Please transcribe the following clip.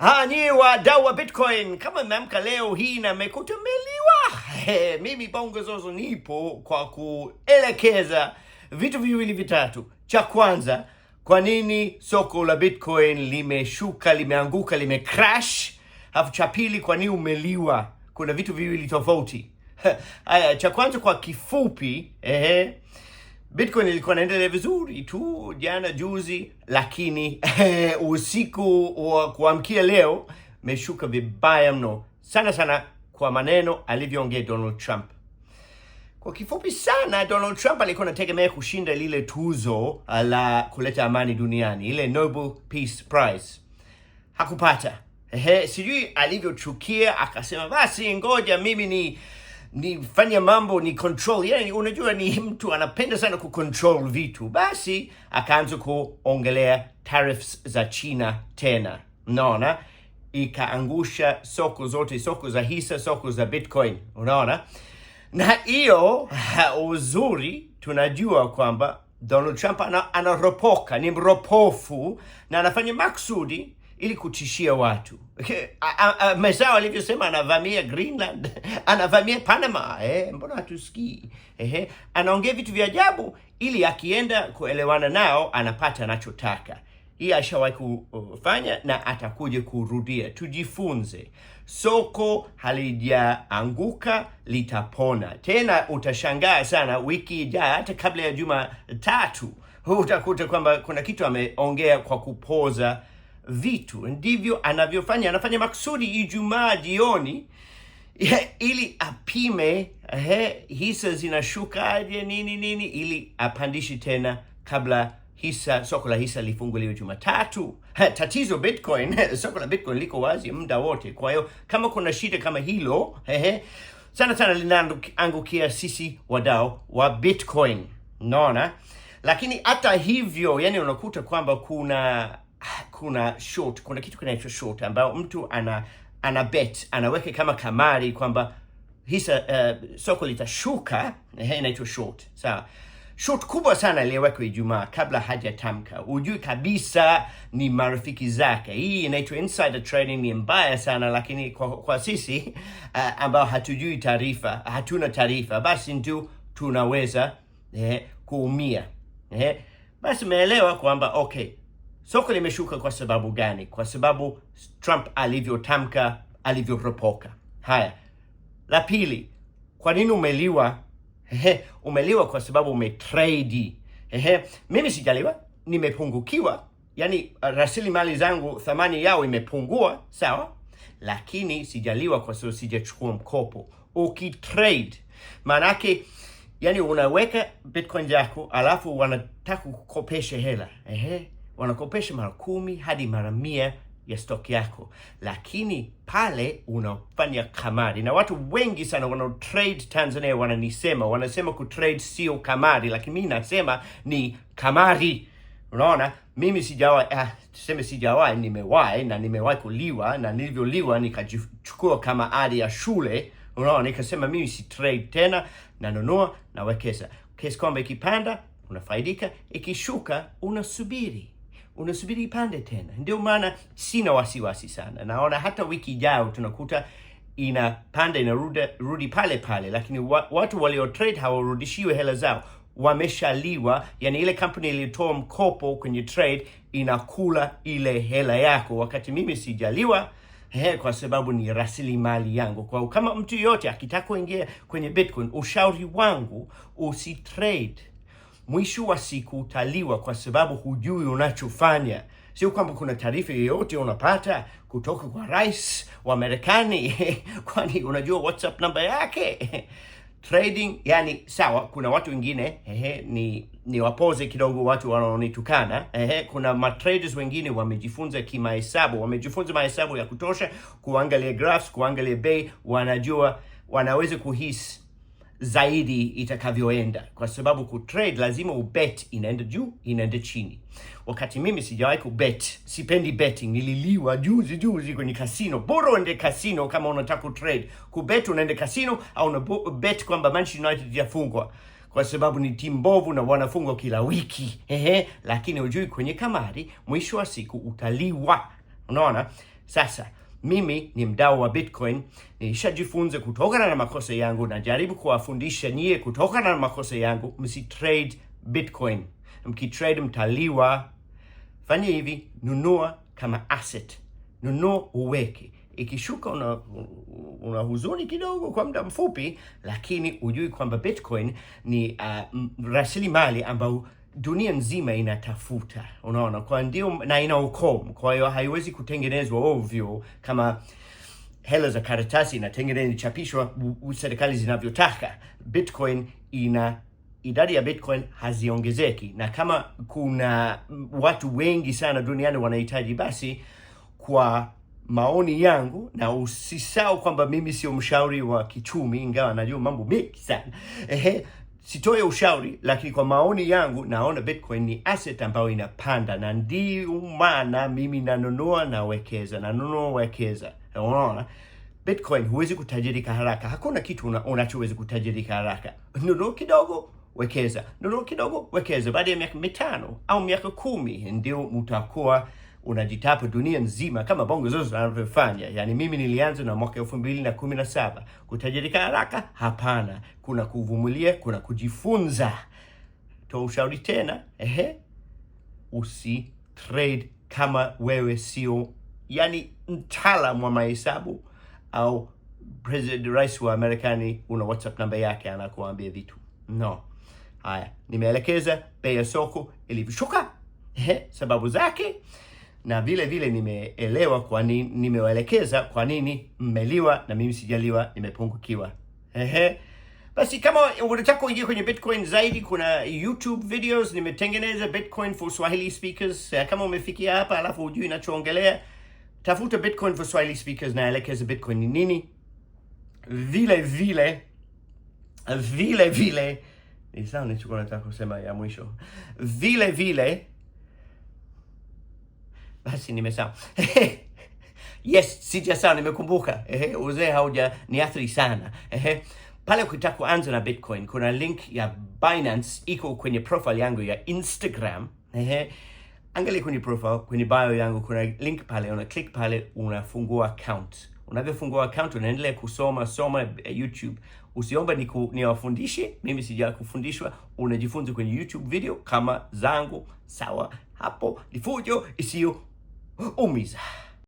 Nyi wadau wa Bitcoin, kama mmeamka leo hii na mmekuta mimi Bongo Zozo nipo kwa kuelekeza vitu viwili vitatu. Cha kwanza, kwa nini soko la Bitcoin limeshuka, limeanguka, limecrash? Alafu cha pili, kwa nini umeliwa? Kuna vitu viwili tofauti. Haya, cha kwanza kwa kifupi, ehe. Bitcoin ilikuwa inaendelea vizuri tu jana juzi, lakini eh, usiku wa kuamkia leo meshuka vibaya mno sana sana, kwa maneno alivyoongea Donald Trump. Kwa kifupi sana, Donald Trump alikuwa anategemea kushinda lile tuzo ah, la kuleta amani duniani, ile Nobel Peace Prize, hakupata. Ehe, sijui alivyochukia, akasema basi ngoja mimi ni nifanya mambo ni control. Yani unajua ni mtu anapenda sana kucontrol vitu, basi akaanza kuongelea tariffs za China tena, unaona ikaangusha soko zote, soko za hisa, soko za Bitcoin, unaona. Na hiyo uh, uzuri, tunajua kwamba Donald Trump anaropoka ana ni mropofu na anafanya maksudi ili kutishia watu. Mezao alivyosema anavamia Greenland, anavamia Panama. Eh, mbona hatusikii? Eh, anaongea vitu vya ajabu ili akienda kuelewana nao anapata anachotaka. Hii ashawahi kufanya na atakuja kurudia. Tujifunze, soko halijaanguka litapona. Tena utashangaa sana wiki ijayo, hata kabla ya juma tatu utakuta kwamba kuna kitu ameongea kwa kupoza vitu. Ndivyo anavyofanya, anafanya maksudi Ijumaa jioni ili apime he, hisa zinashukaje nini nini, ili apandishi tena kabla hisa soko la hisa lifunguliwe Jumatatu. Tatizo Bitcoin, soko la Bitcoin liko wazi muda wote. Kwa hiyo kama kuna shida kama hilo he, sana sana linaangukia sisi wadau wa Bitcoin, naona. Lakini hata hivyo, yani unakuta kwamba kuna kuna short, kuna kitu kinaitwa short ambao mtu ana ana bet anaweka kama kamari kwamba hisa uh, soko litashuka, eh, inaitwa short. Sawa, short kubwa sana iliyowekwa Ijumaa kabla hajatamka, hujui kabisa ni marafiki zake. Hii inaitwa insider trading, ni mbaya sana lakini kwa, kwa sisi uh, ambao hatujui taarifa, hatuna taarifa, basi ndio tunaweza eh, kuumia eh. Basi umeelewa kwamba okay Soko limeshuka kwa sababu gani? Kwa sababu Trump alivyotamka, alivyoropoka. Haya, la pili, kwa nini umeliwa? Hehe, umeliwa kwa sababu umetrade. mimi sijaliwa, nimepungukiwa, yani uh, rasilimali zangu thamani yao imepungua, sawa, lakini sijaliwa kwa sababu sijachukua mkopo. Ukitrade maanaake yani unaweka bitcoin yako alafu wanataka kukopesha hela. Ehe wanakopesha mara kumi hadi mara mia ya stock yako, lakini pale unafanya kamari. Na watu wengi sana wana trade Tanzania wananisema, wanasema ku trade sio kamari, lakini mimi nasema ni kamari. Unaona, mimi sijawa eh, tuseme sijawahi, nimewahi na nimewahi kuliwa, na nilivyoliwa nikachukua kama ada ya shule. Unaona, nikasema mimi si trade tena, nanunua nawekeza. Kesi kwamba ikipanda unafaidika, ikishuka unasubiri unasubiri ipande tena. Ndio maana sina wasiwasi sana, naona hata wiki ijayo tunakuta inapanda inarudi pale pale, lakini wa, watu walio trade hawarudishiwe hela zao, wameshaliwa. Yani ile kampuni iliyotoa mkopo kwenye trade inakula ile hela yako, wakati mimi sijaliwa He, kwa sababu ni rasilimali yangu. Kwa kama mtu yoyote akitaka kuingia kwenye Bitcoin, ushauri wangu usitrade mwisho wa siku utaliwa, kwa sababu hujui unachofanya. Sio kwamba kuna taarifa yoyote unapata kutoka kwa rais wa Marekani kwani unajua WhatsApp namba yake trading. Yani sawa, kuna watu wengine ehe, ni ni wapoze kidogo watu wanaonitukana. Ehe, kuna matraders wengine wamejifunza kimahesabu, wamejifunza mahesabu ya kutosha kuangalia graphs, kuangalia bei, wanajua wanaweza kuhisi zaidi itakavyoenda, kwa sababu ku trade lazima ubet inaenda juu inaenda chini. Wakati mimi sijawahi kubet, sipendi betting, nililiwa juzi juzi kwenye kasino. Bora uende kasino kama unataka ku kutrade. Kubet unaende kasino au una bet kwamba Manchester United yafungwa kwa sababu ni timu mbovu na wanafungwa kila wiki. Ehe, lakini ujui kwenye kamari, mwisho wa siku utaliwa. Unaona sasa mimi ni mdao wa Bitcoin, nishajifunza kutokana na makosa yangu, najaribu kuwafundisha nyie kutokana na makosa yangu. Msitrade Bitcoin, mkitrade mtaliwa. Fanya hivi, nunua kama asset, nunua uweke ikishuka una, una huzuni kidogo kwa muda mfupi, lakini ujui kwamba Bitcoin ni uh, rasilimali ambayo dunia nzima inatafuta, unaona, kwa ndio na ina ukomo, kwa hiyo haiwezi kutengenezwa ovyo kama hela za karatasi inatengenezwa chapishwa serikali zinavyotaka. Bitcoin ina idadi ya Bitcoin haziongezeki, na kama kuna watu wengi sana duniani wanahitaji, basi kwa maoni yangu, na usisao kwamba mimi sio mshauri wa kichumi, ingawa najua mambo mengi sana sitoe ushauri, lakini kwa maoni yangu naona Bitcoin ni asset ambayo inapanda, na ndio maana mimi nanunua nawekeza, nanunua wekeza. Unaona, Bitcoin huwezi kutajirika haraka. Hakuna kitu unachoweza una kutajirika haraka. Nunua kidogo wekeza, nunua kidogo wekeza. Baada ya miaka mitano au miaka kumi ndio mtakuwa unajitapu dunia nzima kama bongo zozo zinavyofanya. Yani mimi nilianza na mwaka elfu mbili na kumi na saba. Kutajirika haraka? Hapana, kuna kuvumilia, kuna kujifunza. Toa ushauri tena, ehe, usi trade kama wewe sio yani mtaalam wa mahesabu au president rais wa Marekani una WhatsApp namba yake anakuambia vitu no. Haya, nimeelekeza bei ya soko ilivyoshuka, ehe, sababu zake na vile vile nimeelewa kwa ni, nimewaelekeza kwa nini mmeliwa na mimi sijaliwa, nimepungukiwa. Ehe. Basi kama unataka kuingia kwenye Bitcoin zaidi, kuna YouTube videos nimetengeneza Bitcoin for Swahili speakers. Eh, kama umefikia hapa alafu hujui inachoongelea, tafuta Bitcoin for Swahili speakers, naelekeza Bitcoin ni nini. Vile vile vile vile, nisahau nilichokuwa nataka kusema ya mwisho. Vile vile basi nimesawa. yes, sija sawa, nimekumbuka. Ehe, uzee hauja niathiri sana. Ehe, pale ukitaka kuanza na Bitcoin kuna link ya Binance iko kwenye profile yangu ya Instagram. Ehe, angalia kwenye profile, kwenye bio yangu kuna link pale, una click pale, unafungua account. Unavyofungua account unaendelea kusoma soma eh, YouTube. Usiomba ni niwafundishe, ni mimi sija kufundishwa. Unajifunza kwenye YouTube video kama zangu, sawa? Hapo ni fujo isiyo Umisa.